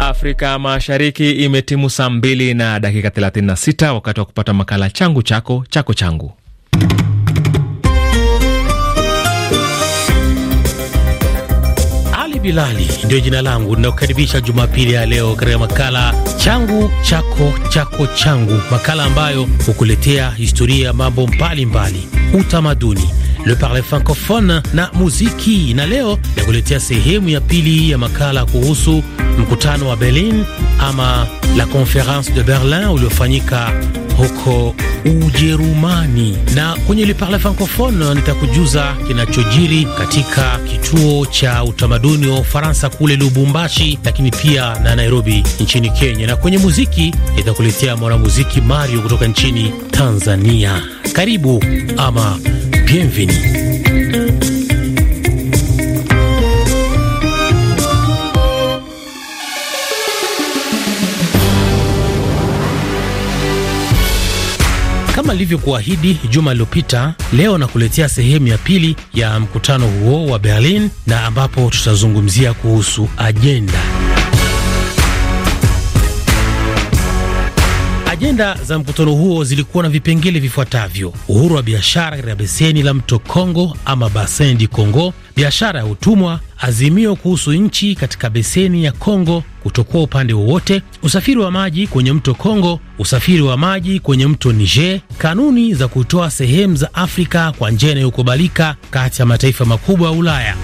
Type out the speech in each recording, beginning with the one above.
Afrika Mashariki imetimu saa mbili na dakika 36, wakati wa kupata makala changu chako chako changu. Ali Bilali ndio jina langu linaokaribisha Jumapili ya leo katika makala changu chako chako changu, makala ambayo hukuletea historia ya mambo mbalimbali, utamaduni le parle francophone na muziki, na leo nakuletea sehemu ya pili ya makala kuhusu mkutano wa Berlin ama la conference de Berlin uliofanyika huko Ujerumani. Na kwenye Le Parle Francophone nitakujuza kinachojiri katika kituo cha utamaduni wa Ufaransa kule Lubumbashi, lakini pia na Nairobi nchini Kenya. Na kwenye muziki nitakuletea mwanamuziki Mario kutoka nchini Tanzania. Karibu ama Bienvenue. Kama alivyokuahidi juma lililopita, leo nakuletea sehemu ya pili ya mkutano huo wa Berlin, na ambapo tutazungumzia kuhusu ajenda Ajenda za mkutano huo zilikuwa na vipengele vifuatavyo: uhuru wa biashara katika beseni la mto Kongo ama Basin du Congo, biashara ya utumwa, azimio kuhusu nchi katika beseni ya Kongo kutokuwa upande wowote, usafiri wa maji kwenye mto Kongo, usafiri wa maji kwenye mto Niger, kanuni za kutoa sehemu za Afrika kwa njia inayokubalika kati ya mataifa makubwa ya Ulaya.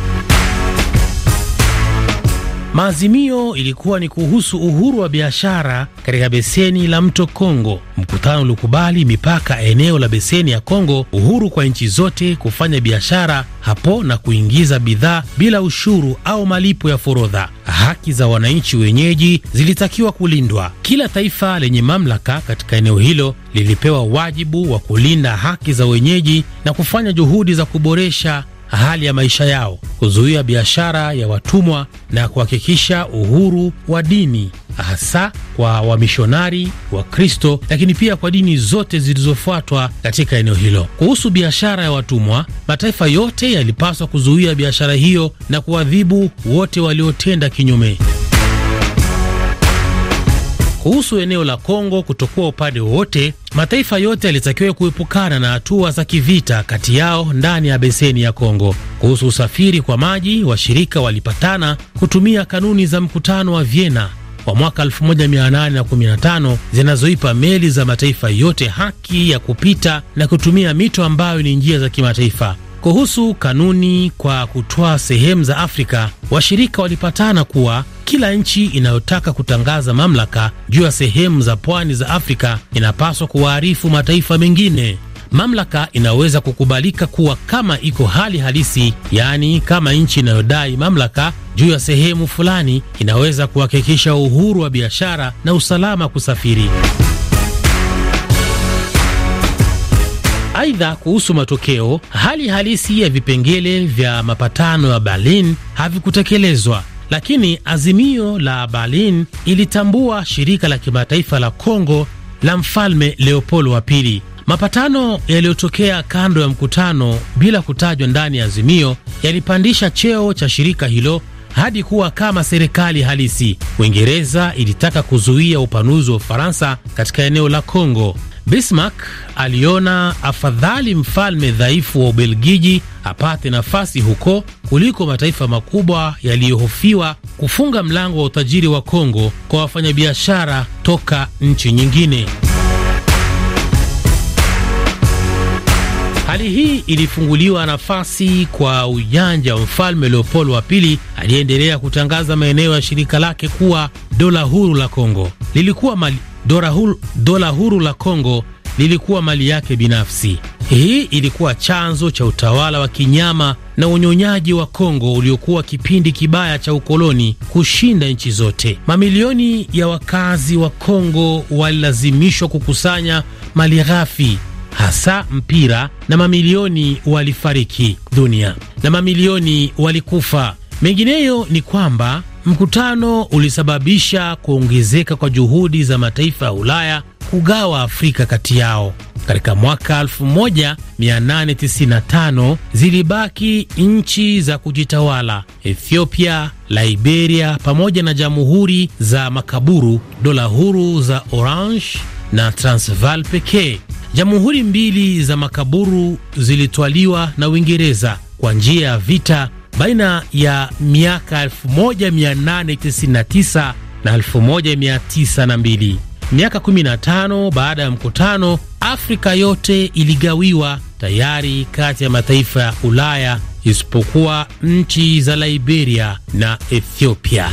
Maazimio ilikuwa ni kuhusu uhuru wa biashara katika beseni la mto Kongo. Mkutano ulikubali mipaka eneo la beseni ya Kongo, uhuru kwa nchi zote kufanya biashara hapo na kuingiza bidhaa bila ushuru au malipo ya forodha. Haki za wananchi wenyeji zilitakiwa kulindwa. Kila taifa lenye mamlaka katika eneo hilo lilipewa wajibu wa kulinda haki za wenyeji na kufanya juhudi za kuboresha hali ya maisha yao, kuzuia biashara ya watumwa na kuhakikisha uhuru wa dini hasa kwa wamishonari wa Kristo, lakini pia kwa dini zote zilizofuatwa katika eneo hilo. Kuhusu biashara ya watumwa, mataifa yote yalipaswa kuzuia biashara hiyo na kuadhibu wote waliotenda kinyume kuhusu eneo la Kongo kutokuwa upande wowote, mataifa yote yalitakiwa kuepukana na hatua za kivita kati yao ndani ya beseni ya Kongo. Kuhusu usafiri kwa maji, washirika walipatana kutumia kanuni za mkutano wa Vienna wa mwaka 1815 zinazoipa meli za mataifa yote haki ya kupita na kutumia mito ambayo ni njia za kimataifa. Kuhusu kanuni kwa kutoa sehemu za Afrika, washirika walipatana kuwa kila nchi inayotaka kutangaza mamlaka juu ya sehemu za pwani za Afrika inapaswa kuwaarifu mataifa mengine. Mamlaka inaweza kukubalika kuwa kama iko hali halisi, yaani kama nchi inayodai mamlaka juu ya sehemu fulani inaweza kuhakikisha uhuru wa biashara na usalama kusafiri. Aidha, kuhusu matokeo, hali halisi ya vipengele vya mapatano ya Berlin havikutekelezwa, lakini azimio la Berlin ilitambua shirika la kimataifa la Kongo la Mfalme Leopold wa pili. Mapatano yaliyotokea kando ya mkutano bila kutajwa ndani ya azimio yalipandisha cheo cha shirika hilo hadi kuwa kama serikali halisi. Uingereza ilitaka kuzuia upanuzi wa Ufaransa katika eneo la Kongo. Bismarck aliona afadhali mfalme dhaifu wa Ubelgiji apate nafasi huko kuliko mataifa makubwa yaliyohofiwa kufunga mlango wa utajiri wa Kongo kwa wafanyabiashara toka nchi nyingine. Hali hii ilifunguliwa nafasi kwa ujanja wa mfalme Leopold wa pili aliyeendelea kutangaza maeneo ya shirika lake kuwa dola huru la Kongo. Lilikuwa mali dola huru, dola huru la Kongo lilikuwa mali yake binafsi. Hii ilikuwa chanzo cha utawala wa kinyama na unyonyaji wa Kongo uliokuwa kipindi kibaya cha ukoloni kushinda nchi zote. Mamilioni ya wakazi wa Kongo walilazimishwa kukusanya mali ghafi hasa mpira, na mamilioni walifariki dunia na mamilioni walikufa. Mengineyo ni kwamba Mkutano ulisababisha kuongezeka kwa juhudi za mataifa ya Ulaya kugawa Afrika kati yao. Katika mwaka 1895 zilibaki nchi za kujitawala Ethiopia, Liberia pamoja na jamhuri za makaburu, dola huru za Orange na Transvaal pekee. Jamhuri mbili za makaburu zilitwaliwa na Uingereza kwa njia ya vita baina ya miaka 1899 na 1902. Miaka 15 baada ya mkutano, Afrika yote iligawiwa tayari kati ya mataifa ya Ulaya isipokuwa nchi za Liberia na Ethiopia.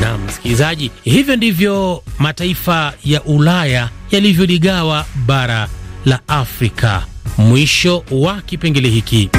Naam msikilizaji, hivyo ndivyo mataifa ya Ulaya yalivyoligawa bara la Afrika. Mwisho wa kipengele hiki.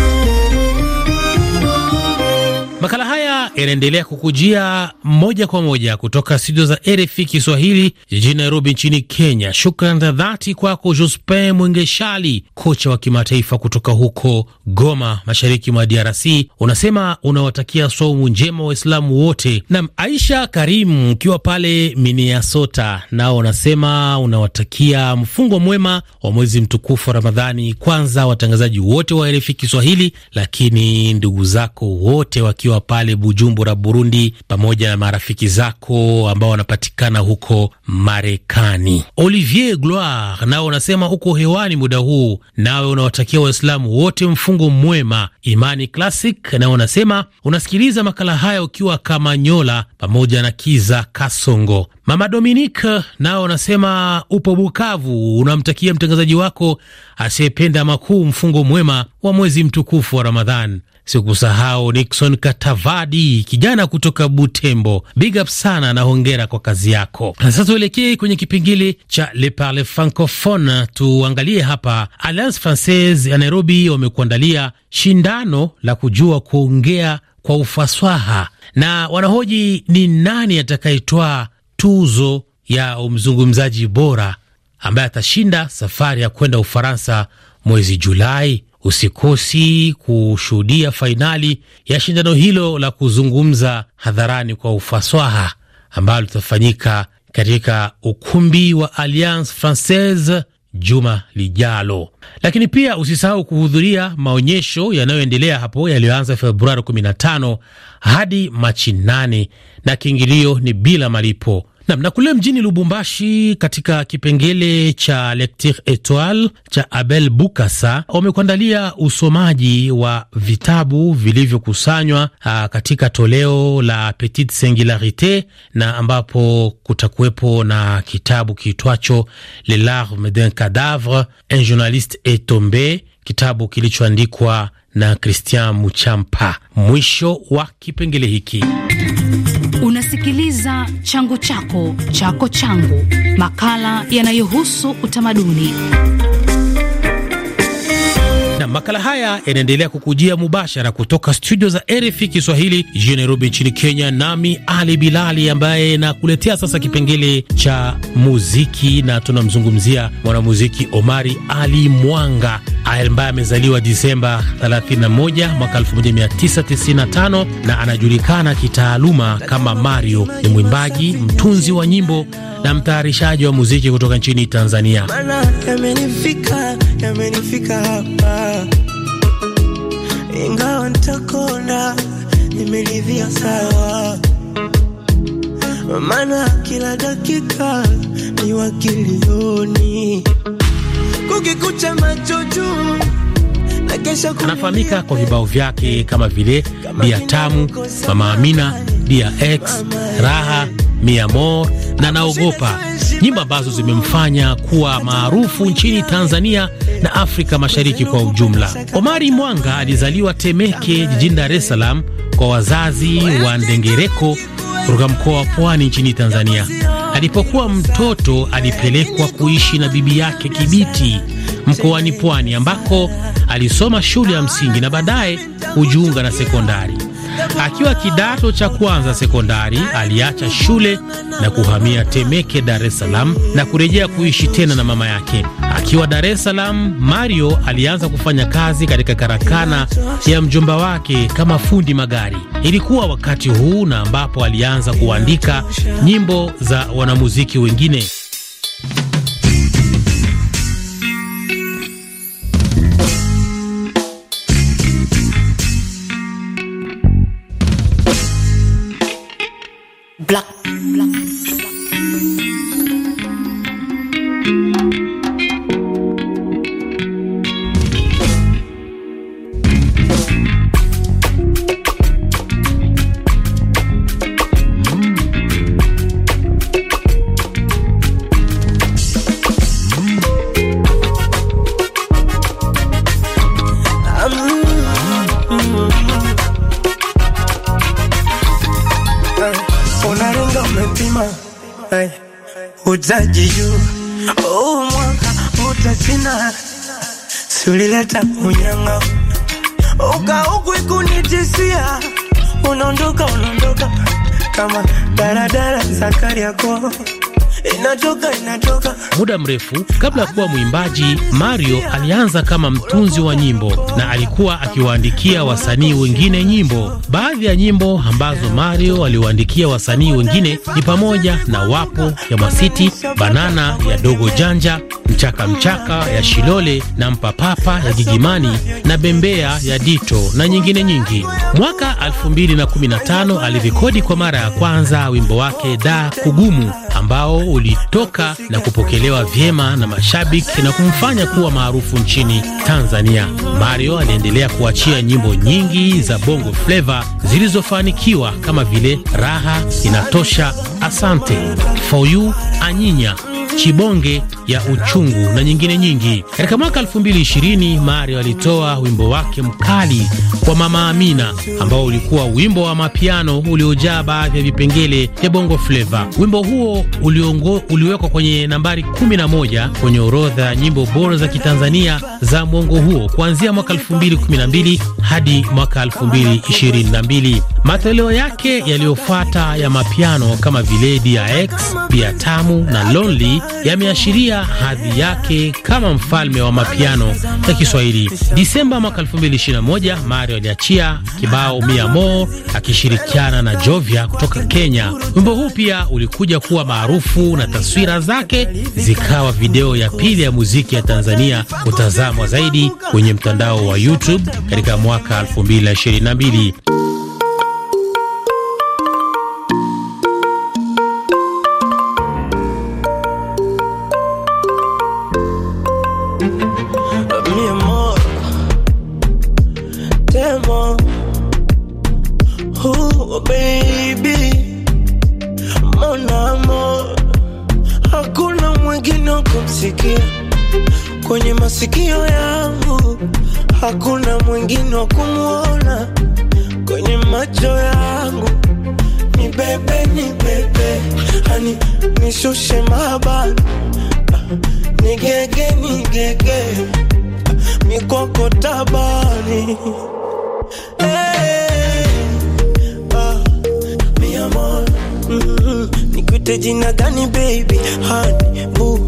inaendelea yanaendelea kukujia moja kwa moja kutoka studio za RFI Kiswahili jijini Nairobi nchini Kenya. Shukran za dhati kwako Jospin Mwengeshali, kocha wa kimataifa kutoka huko Goma, mashariki mwa DRC. Unasema unawatakia somu njema Waislamu wote. Nam Aisha Karimu, ukiwa pale Minnesota, nao unasema unawatakia mfungo mwema wa mwezi mtukufu wa Ramadhani, kwanza watangazaji wote wa RFI Kiswahili, lakini ndugu zako wote wakiwa pale Bujumbura, Burundi, pamoja na marafiki zako ambao wanapatikana huko Marekani. Olivier Gloire nao unasema uko hewani muda huu, nawe unawatakia Waislamu wote mfungo mwema. Imani Classic nao unasema unasikiliza makala haya ukiwa Kamanyola pamoja na Kiza Kasongo. Mama Dominique nao unasema upo Bukavu, unamtakia mtangazaji wako asiyependa makuu mfungo mwema wa mwezi mtukufu wa Ramadhan sikusahau Nixon Katavadi, kijana kutoka Butembo. Big up sana na hongera kwa kazi yako. Na sasa tuelekee kwenye kipingili cha Le Parle Francophone, tuangalie hapa Alliance Francaise ya Nairobi wamekuandalia shindano la kujua kuongea kwa ufaswaha na wanahoji ni nani atakayetwaa tuzo ya mzungumzaji bora ambaye atashinda safari ya kwenda Ufaransa mwezi Julai usikosi kushuhudia fainali ya shindano hilo la kuzungumza hadharani kwa ufaswaha ambalo litafanyika katika ukumbi wa Alliance Francaise juma lijalo. Lakini pia usisahau kuhudhuria maonyesho yanayoendelea hapo yaliyoanza Februari 15 hadi Machi 8 na kiingilio ni bila malipo. Nam na kule mjini Lubumbashi, katika kipengele cha Lecture Etoile cha Abel Bukasa wamekuandalia usomaji wa vitabu vilivyokusanywa ah, katika toleo la Petite Singularite, na ambapo kutakuwepo na kitabu kiitwacho Le Larme d'un cadavre un journaliste est tombe, kitabu kilichoandikwa na Christian Muchampa. Mwisho wa kipengele hiki Unasikiliza changu chako chako changu, makala yanayohusu utamaduni makala haya yanaendelea kukujia mubashara kutoka studio za RFI Kiswahili jijini Nairobi nchini Kenya, nami Ali Bilali ambaye nakuletea sasa kipengele cha muziki, na tunamzungumzia mwanamuziki Omari Ali Mwanga ambaye amezaliwa Disemba 31 mwaka 1995 na anajulikana kitaaluma kama Mario. Ni mwimbaji, mtunzi wa nyimbo na mtayarishaji wa muziki kutoka nchini Tanzania. Mana, yamenifika, yamenifika hapa ingawa nitakona nimelivia sawa, maana kila dakika ni wakilioni kukikucha macho juu anafahamika kwa vibao vyake kama vile Dia Tamu, Mama Amina, Dia X, Raha, Mia Mor na naogopa, nyimbo ambazo zimemfanya kuwa maarufu nchini Tanzania na Afrika Mashariki kwa ujumla. Omari Mwanga alizaliwa Temeke jijini Dar es Salaam kwa wazazi wa Ndengereko kutoka mkoa wa Pwani nchini Tanzania. Alipokuwa mtoto alipelekwa kuishi na bibi yake Kibiti mkoani Pwani ambako alisoma shule ya msingi na baadaye kujiunga na sekondari. Akiwa kidato cha kwanza sekondari, aliacha shule na kuhamia Temeke, Dar es Salaam na kurejea kuishi tena na mama yake. Akiwa Dar es Salaam, Mario alianza kufanya kazi katika karakana ya mjomba wake kama fundi magari. Ilikuwa wakati huu na ambapo alianza kuandika nyimbo za wanamuziki wengine. umepima eh, uzaji juu oh, mwaka uta sulileta unyanga uka huku ikunitisia unaondoka unaondoka kama daradara zakariako Kariakoo Eh, Muda mrefu kabla ya kuwa mwimbaji, Mario alianza kama mtunzi wa nyimbo na alikuwa akiwaandikia wasanii wengine nyimbo. Baadhi ya nyimbo ambazo Mario aliwaandikia wasanii wengine ni pamoja na Wapo ya Mwasiti, Banana ya Dogo Janja, Mchaka Mchaka ya Shilole na Mpapapa ya Gigimani na Bembea ya Dito na nyingine nyingi. Mwaka 2015 alirekodi kwa mara ya kwanza wimbo wake Da Kugumu ambao ulitoka na kupokelewa vyema na mashabiki na kumfanya kuwa maarufu nchini Tanzania. Mario aliendelea kuachia nyimbo nyingi za bongo fleva zilizofanikiwa kama vile Raha, Inatosha, Asante, For You, Anyinya Chibonge ya uchungu na nyingine nyingi. Katika mwaka 2020 Mario alitoa wimbo wake mkali wa Mama Amina ambao ulikuwa wimbo wa mapiano uliojaa baadhi ya vipengele vya bongo fleva. Wimbo huo uliongo, uliwekwa kwenye nambari 11 kwenye orodha ya nyimbo bora za Kitanzania za mwongo huo kuanzia mwaka 2012 hadi mwaka 2022. Matoleo yake yaliyofuata ya mapiano kama viledi ya X pia tamu na Lonely yameashiria hadhi yake kama mfalme wa mapiano ya Kiswahili. Disemba mwaka 2021 Mario aliachia kibao Mia Mo akishirikiana na Jovia kutoka Kenya. Wimbo huu pia ulikuja kuwa maarufu na taswira zake zikawa video ya pili ya muziki ya Tanzania kutazamwa zaidi kwenye mtandao wa YouTube katika mwaka 2022. Oh baby, mona mo, hakuna mwingine kumsikia kwenye masikio yangu, hakuna mwingine wa kumwona kwenye macho yangu. Ni bebe, ni bebe, hani nishushe mabani, nigege, nigege, mikoko tabani hey. niite jina gani baby, honey boo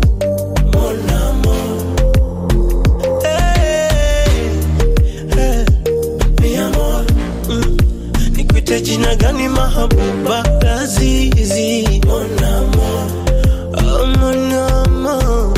Jina gani mahabuba razizi, mon amour, oh mon amour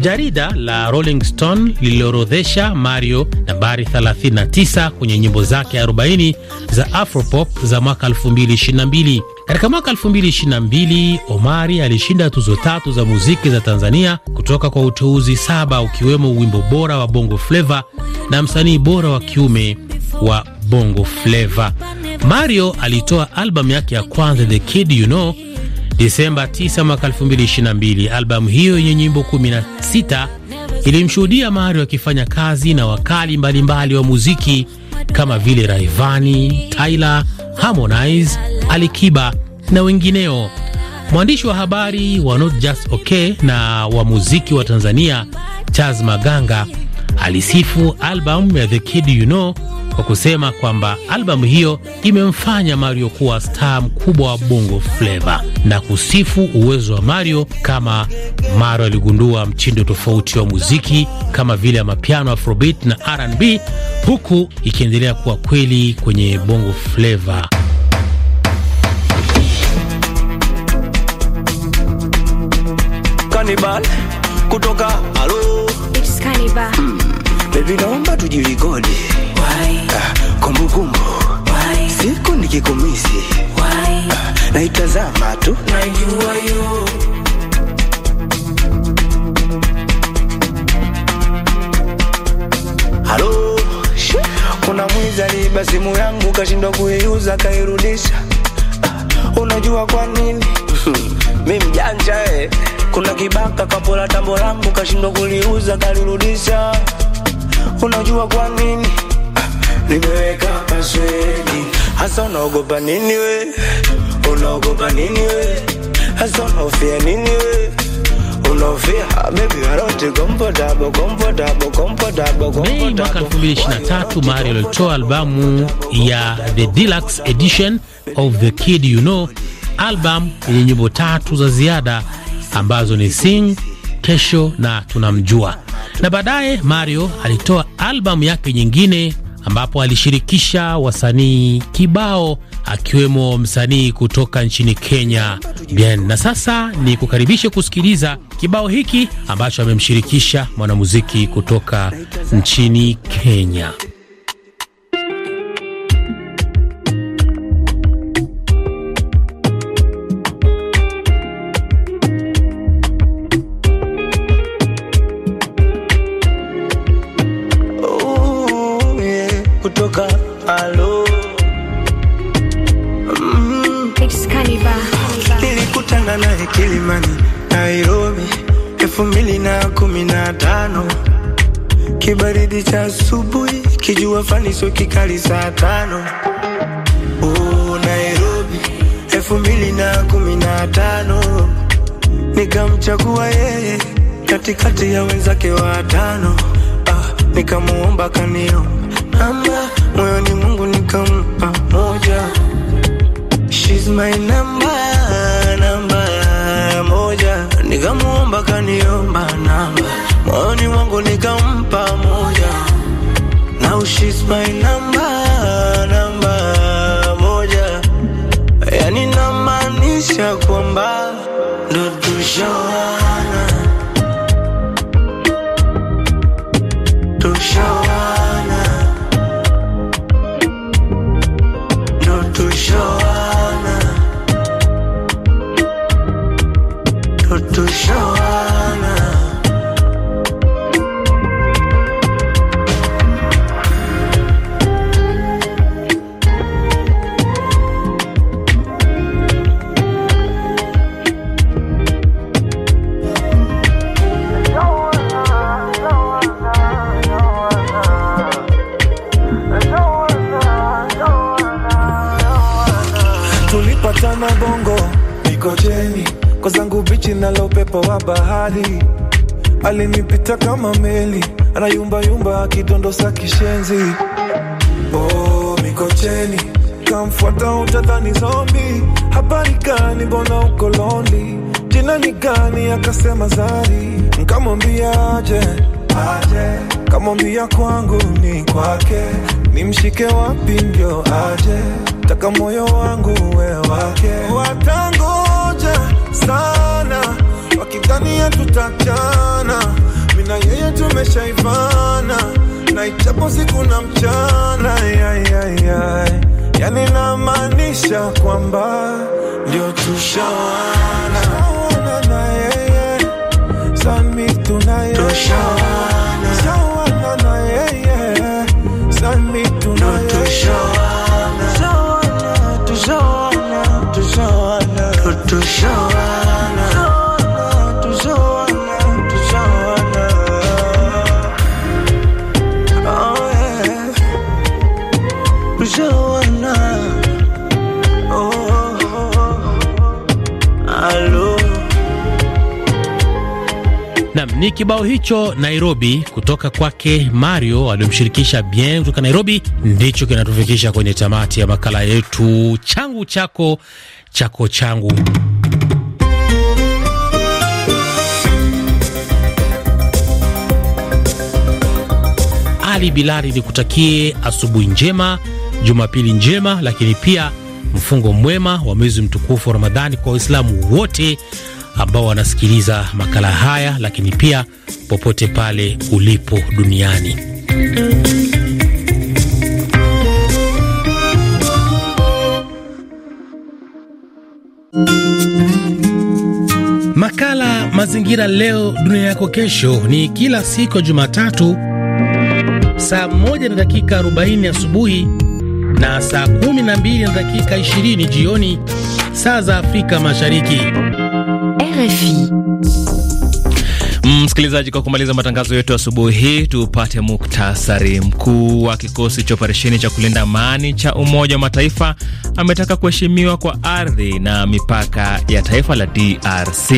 Jarida la Rolling Stone liliorodhesha Mario nambari 39 kwenye nyimbo zake 40 za Afropop za mwaka 2022. Katika mwaka 2022, Omari alishinda tuzo tatu za muziki za Tanzania kutoka kwa uteuzi saba ukiwemo wimbo bora wa Bongo Flava na msanii bora wa kiume wa Bongo Flava. Mario alitoa albamu yake ya kwanza The Kid You Know Disemba 9 mwaka 2022. Albamu hiyo yenye nyimbo 16 ilimshuhudia mari akifanya kazi na wakali mbalimbali mbali wa muziki kama vile Raivani, Tyler, Harmonize, Alikiba na wengineo. Mwandishi wa habari wa Not Just Okay na wa muziki wa Tanzania Charles Maganga alisifu albamu ya The Kid You Know kwa kusema kwamba albamu hiyo imemfanya Mario kuwa star mkubwa wa Bongo Flava na kusifu uwezo wa Mario kama Mario aligundua mchindo tofauti wa muziki kama vile mapiano, afrobeat na R&B, huku ikiendelea kuwa kweli kwenye Bongo Flava. Kanibal kutoka Alu kuiba Baby, naomba tujirekodi uh, ah, kumbukumbu siku nikikumisi ah, naitazama tu Halo, kuna mwizi aliiba simu yangu kashindwa kuiuza kairudisha. Ah, unajua kwa nini? mi mjanja eh. Kuna kibaka kapola tambo langu kashindwa kuliuza kalirudisha. Unajua kwa nini? Nimeweka pasweni? Hasa unaogopa nini we? Unaogopa nini we? Hasa unaofia nini we? Ah, Mei mwaka tatu Mario alitoa albamu ya The Deluxe Edition of The Kid You Know, album yenye nyimbo tatu za ziada ambazo ni Sing, Kesho na Tunamjua. Na baadaye Mario alitoa albamu yake nyingine ambapo alishirikisha wasanii kibao akiwemo msanii kutoka nchini Kenya Bien. Na sasa ni kukaribisha kusikiliza kibao hiki ambacho amemshirikisha mwanamuziki kutoka nchini Kenya. kutoka alo mm. Nilikutana naye Kilimani, Nairobi elfu mbili na kumi na tano kibaridi cha asubuhi, kijua faniso kikali saa tano oh, Nairobi elfu mbili na kumi na tano nikamchagua yeye katikati ya wenzake watano ah, nikamuomba kanio ama moyoni Mungu nikampa moja. She's my number, namba moja, nikamuomba kaniomba namba, moyoni mwangu nikampa moja. Now she's my number, namba moja, yani namaanisha kwamba ndo tushawana tushawana Nikojeni kwa zangu bichi na upepo wa bahari, alinipita kama meli, anayumbayumba akidondosa kishenzi. Oh, Mikocheni kamfuata utadhani zombi. Habari gani, mbona uko lonely? Jina ni gani? Akasema Zari. Nkamwambia aje, aje. Kamwambia kwangu ni kwake, nimshike wapi ndio aje, taka moyo wangu we wake sana, wakidhania tutachana, mimi na yeye tumeshaivana na ichapo siku na mchana Yani namaanisha kwamba ndio tushawana ni kibao hicho Nairobi kutoka kwake Mario aliyomshirikisha Bien kutoka Nairobi, ndicho kinatufikisha kwenye tamati ya makala yetu changu chako chako changu. Ali Bilali, nikutakie asubuhi njema, jumapili njema, lakini pia mfungo mwema wa mwezi mtukufu wa Ramadhani kwa Waislamu wote ambao wanasikiliza makala haya, lakini pia popote pale ulipo duniani. Makala Mazingira Leo Dunia Yako Kesho ni kila siku ya Jumatatu saa 1 na dakika 40 asubuhi na saa 12 na dakika 20 jioni saa za Afrika Mashariki. Ma fille Mm, msikilizaji, kwa kumaliza matangazo yetu asubuhi hii, tupate muktasari. Mkuu wa kikosi cha operesheni cha kulinda amani cha Umoja wa Mataifa ametaka kuheshimiwa kwa ardhi na mipaka ya taifa la DRC.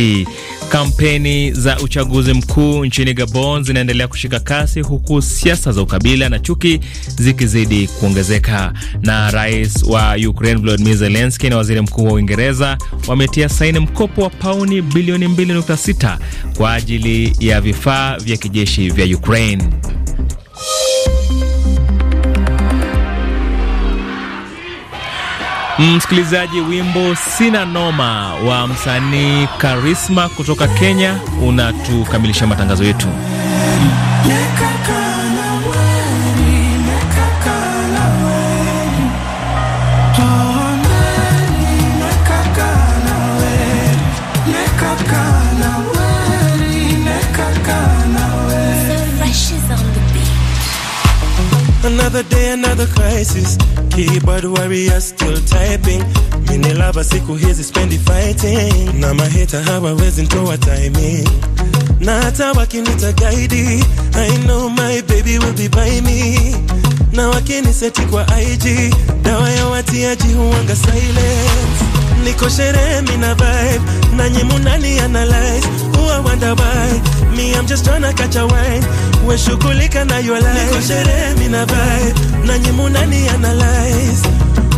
Kampeni za uchaguzi mkuu nchini Gabon zinaendelea kushika kasi huku siasa za ukabila na chuki zikizidi kuongezeka. Na rais wa Ukraine Volodymyr Zelensky na waziri mkuu wa Uingereza wametia saini mkopo wa pauni bilioni 2.6 kwa ajili ya vifaa vya kijeshi vya Ukraine. Msikilizaji, wimbo sina noma wa msanii Karisma kutoka Kenya unatukamilisha matangazo yetu. Another day, another crisis. Keyboard warrior still typing. Mini lava siku hizi spendi fighting. Na maheta hawawezi ntoa timing. Na hata wakinita guide, I know my baby will be by me. Na wakiniseti kwa IG, dawa ya watiaji huanga silence. niko sherehe, mina vibe na nanyi munani analyze huwa wonder why me I'm just tryna catch a wine we shughulika na your life niko sherehe, mina vibe na nanyi munani analyze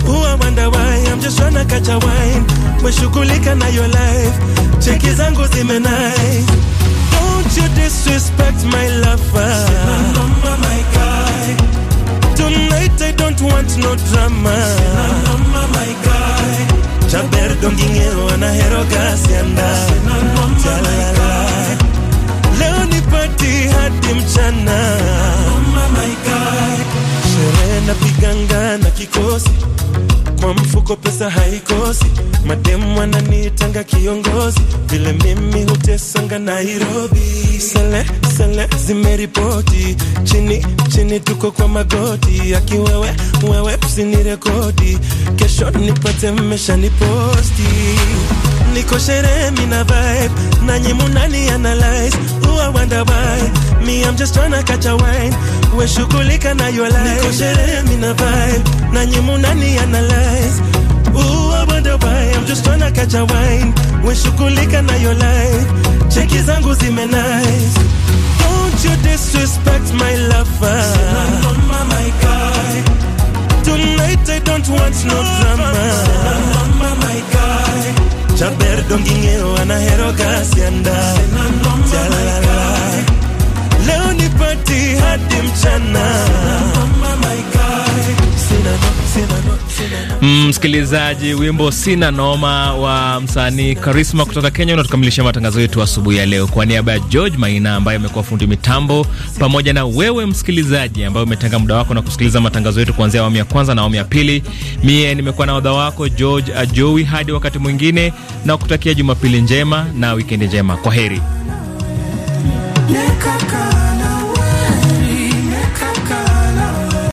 huwa wonder why I'm just tryna catch a wine we shughulika na your life cheki zangu zimenai Don't you disrespect my lover Mama, my number guy Tonight I don't want no drama Mama, my guy Chaber dongingeo anahero kasianda Chalala Leo ni pati hadi mchana Sherehe na piganga na kikosi Kwa mfuko pesa haikosi Mademu wananitanga kiongozi Vile mimi hutesanga Nairobi Sele, sele zimeripoti Chini, chini tuko kwa magoti Aki wewe usinirekodi, kesho nipate mmesha niposti. Niko sherehe mina vibe, nanyi munani analyze, huwa wonder why me I'm just tryna catch a wine, we shughulika na your life. Niko sherehe mina vibe, nanyi munani analyze, huwa wonder why I'm just tryna catch a wine, we shughulika na your life. Cheki zangu zime nice. Don't you disrespect my lover. Mama, my God that's no drama. Mama, my guy. Chaber dongingeo anahero kasi anda. Leo ni party hadi mchana. Msikilizaji, wimbo sina noma wa msanii Karisma kutoka Kenya unatukamilisha matangazo yetu asubuhi ya leo. Kwa niaba ya George Maina ambaye amekuwa fundi mitambo, pamoja na wewe msikilizaji ambaye umetenga muda wako na kusikiliza matangazo yetu kuanzia awamu ya kwanza na awamu ya pili, mie nimekuwa na odha wako George Ajowi. Hadi wakati mwingine, na kutakia Jumapili njema na wikendi njema. Kwa heri.